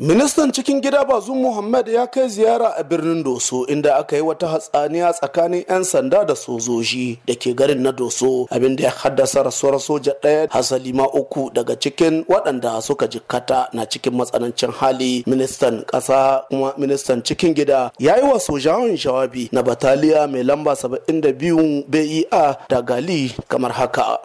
Ministan cikin gida Bazum Muhammad ya kai ziyara a birnin Doso inda aka yi wata hatsaniya tsakanin 'yan sanda da sojoji da ke garin na Doso abinda ya haddasa rasuwar soja ɗaya hasali ma uku daga cikin waɗanda suka jikkata na cikin matsanancin hali ministan ƙasa kuma ministan cikin gida ya yi wa sojawan jawabi na bataliya mai lamba 72 BIA e da Gali kamar haka.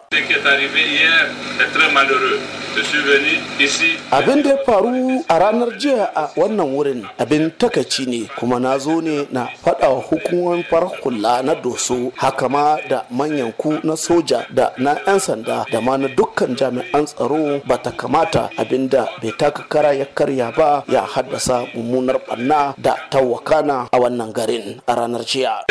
Abin da ya faru a ranar ranar jiya a wannan wurin abin takaci ne kuma na zo ne na faɗa hukumomin farkula na doso haka ma da manyan ku na soja da na 'yan sanda da ma na dukkan jami'an tsaro ba ta kamata abin da bai taka kara ya karya ba ya haddasa mummunar banna da tawakana a wannan garin a ranar jiya.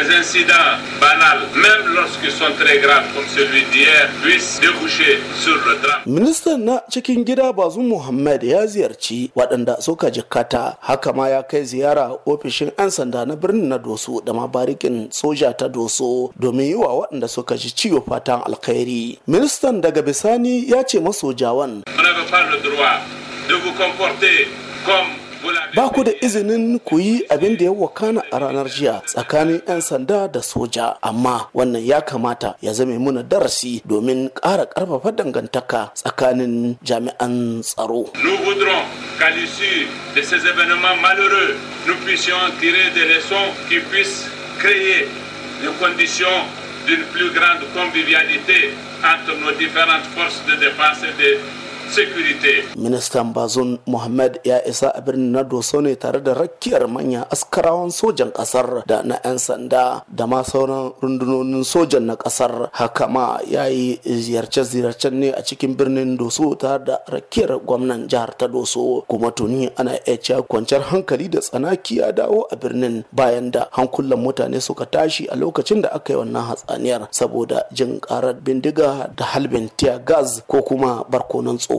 Ministan na cikin gida Bazum Muhammad ya ziyarci waɗanda suka jikata haka ma ya kai ziyara ofishin 'yan sanda na birnin na doso da ma barikin soja ta doso domin yi wa waɗanda suka ji ciwo fatan alkhairi ministan daga bisani ya ce masojawan ba ku da izinin ku yi abin da ya wakana a ranar jiya tsakanin 'yan sanda da soja amma wannan ya kamata ya zame muna darasi domin ƙara ƙarfafa dangantaka tsakanin jami'an tsaro. qu'à l'issue de ces événements malheureux, nous puissions tirer des leçons qui puissent créer les conditions d'une plus grande convivialité entre nos différentes forces de défense et de security. Ministan Bazon Mohamed ya isa a birnin na Doso ne tare da rakkiyar manyan askarawan sojan kasar da na 'yan sanda da ma sauran rundunonin sojan na kasar. Haka ma ya yi ziyarce-ziyarcen ne a cikin birnin Doso tare da rakkiyar gwamnan jihar ta Doso. Kuma tuni ana iya kwanciyar hankali da tsanaki ya dawo a birnin bayan da hankulan mutane suka tashi a lokacin da aka yi wannan hatsaniyar saboda jin karar bindiga da halbin tear gas ko kuma barkonon tso